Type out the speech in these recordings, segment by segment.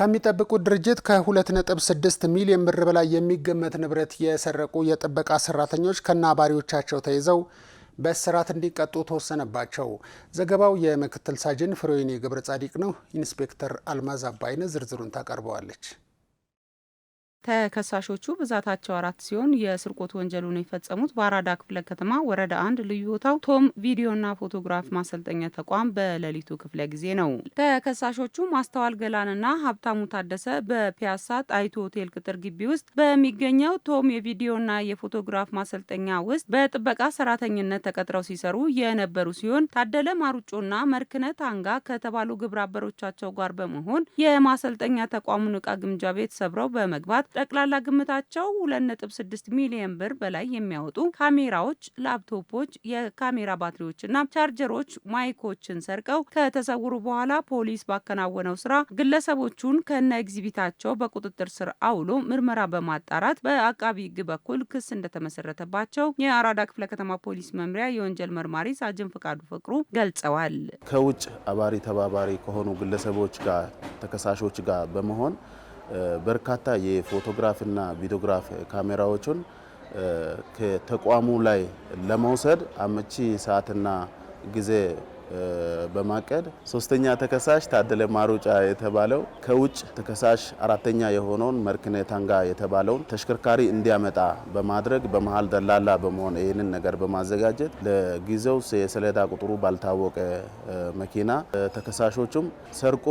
ከሚጠብቁት ድርጅት ከ2.6 ሚሊዮን ብር በላይ የሚገመት ንብረት የሰረቁ የጥበቃ ሰራተኞች ከነአባሪዎቻቸው ተይዘው በእስራት እንዲቀጡ ተወሰነባቸው። ዘገባው የምክትል ሳጅን ፍሬወይኒ ገብረ ጻዲቅ ነው። ኢንስፔክተር አልማዝ አባይነ ዝርዝሩን ታቀርበዋለች። ተከሳሾቹ ብዛታቸው አራት ሲሆን የስርቆት ወንጀሉን የፈጸሙት በአራዳ ክፍለ ከተማ ወረዳ አንድ ልዩ ቦታው ቶም ቪዲዮና ፎቶግራፍ ማሰልጠኛ ተቋም በሌሊቱ ክፍለ ጊዜ ነው። ተከሳሾቹ ማስተዋል ገላንና ሀብታሙ ታደሰ በፒያሳ ጣይቱ ሆቴል ቅጥር ግቢ ውስጥ በሚገኘው ቶም የቪዲዮና የፎቶግራፍ ማሰልጠኛ ውስጥ በጥበቃ ሰራተኝነት ተቀጥረው ሲሰሩ የነበሩ ሲሆን ታደለ ማሩጮና መርክነት አንጋ ከተባሉ ግብረ አበሮቻቸው ጋር በመሆን የማሰልጠኛ ተቋሙን እቃ ግምጃ ቤት ሰብረው በመግባት ጠቅላላ ግምታቸው 2.6 ሚሊዮን ብር በላይ የሚያወጡ ካሜራዎች፣ ላፕቶፖች፣ የካሜራ ባትሪዎችና ቻርጀሮች፣ ማይኮችን ሰርቀው ከተሰውሩ በኋላ ፖሊስ ባከናወነው ስራ ግለሰቦቹን ከነ ኤግዚቢታቸው በቁጥጥር ስር አውሎ ምርመራ በማጣራት በአቃቢ ሕግ በኩል ክስ እንደተመሰረተባቸው የአራዳ ክፍለ ከተማ ፖሊስ መምሪያ የወንጀል መርማሪ ሳጅን ፍቃዱ ፍቅሩ ገልጸዋል። ከውጭ አባሪ ተባባሪ ከሆኑ ግለሰቦች ጋር ተከሳሾች ጋር በመሆን በርካታ የፎቶግራፍና ቪዲዮግራፍ ካሜራዎችን ከተቋሙ ላይ ለመውሰድ አመቺ ሰዓትና ጊዜ በማቀድ ሶስተኛ ተከሳሽ ታደለ ማሩጫ የተባለው ከውጭ ተከሳሽ አራተኛ የሆነውን መርክነ ታንጋ የተባለውን ተሽከርካሪ እንዲያመጣ በማድረግ በመሀል ደላላ በመሆን ይህንን ነገር በማዘጋጀት ለጊዜው የሰሌዳ ቁጥሩ ባልታወቀ መኪና ተከሳሾቹም ሰርቆ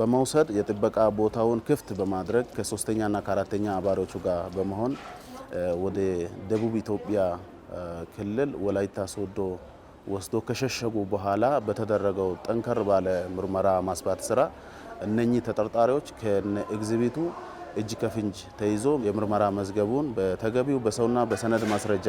በመውሰድ የጥበቃ ቦታውን ክፍት በማድረግ ከሶስተኛና ከአራተኛ አባሪዎቹ ጋር በመሆን ወደ ደቡብ ኢትዮጵያ ክልል ወላይታ ሶዶ ወስዶ ከሸሸጉ በኋላ በተደረገው ጠንከር ባለ ምርመራ ማስባት ስራ እነኚህ ተጠርጣሪዎች እግዚቢቱ እጅ ከፍንጅ ተይዞ የምርመራ መዝገቡን በተገቢው በሰውና በሰነድ ማስረጃ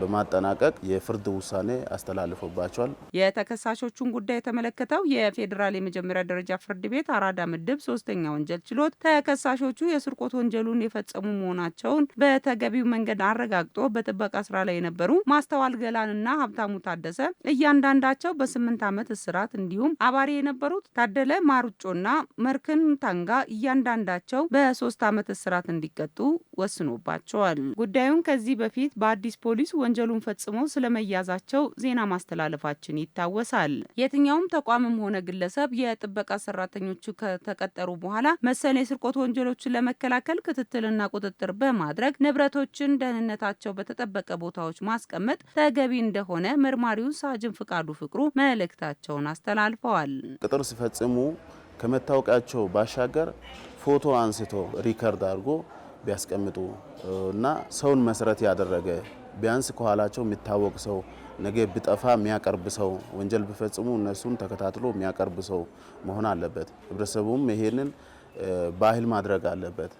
በማጠናቀቅ የፍርድ ውሳኔ አስተላልፎባቸዋል። የተከሳሾቹን ጉዳይ የተመለከተው የፌዴራል የመጀመሪያ ደረጃ ፍርድ ቤት አራዳ ምድብ ሶስተኛ ወንጀል ችሎት ተከሳሾቹ የስርቆት ወንጀሉን የፈጸሙ መሆናቸውን በተገቢው መንገድ አረጋግጦ በጥበቃ ስራ ላይ የነበሩ ማስተዋል ገላንና ሀብታሙ ታደሰ እያንዳንዳቸው በስምንት ዓመት እስራት እንዲሁም አባሪ የነበሩት ታደለ ማሩጮና መርክን ታንጋ እያንዳንዳቸው በሶስት ዓመት እስራት እንዲቀጡ ወስኖባቸዋል። ጉዳዩን ከዚህ በፊት በአዲስ ፖሊስ ወንጀሉን ፈጽመው ስለመያዛቸው ዜና ማስተላለፋችን ይታወሳል። የትኛውም ተቋምም ሆነ ግለሰብ የጥበቃ ሰራተኞቹ ከተቀጠሩ በኋላ መሰል የስርቆት ወንጀሎችን ለመከላከል ክትትልና ቁጥጥር በማድረግ ንብረቶችን ደህንነታቸው በተጠበቀ ቦታዎች ማስቀመጥ ተገቢ እንደሆነ መርማሪው ሳጅን ፍቃዱ ፍቅሩ መልእክታቸውን አስተላልፈዋል። ቅጥር ሲፈጽሙ ከመታወቂያቸው ባሻገር ፎቶ አንስቶ ሪከርድ አድርጎ ቢያስቀምጡ እና ሰውን መሰረት ያደረገ ቢያንስ ከኋላቸው የሚታወቅ ሰው ነገ ቢጠፋ የሚያቀርብ ሰው ወንጀል ቢፈጽሙ እነሱን ተከታትሎ የሚያቀርብ ሰው መሆን አለበት። ህብረተሰቡም ይሄንን ባህል ማድረግ አለበት።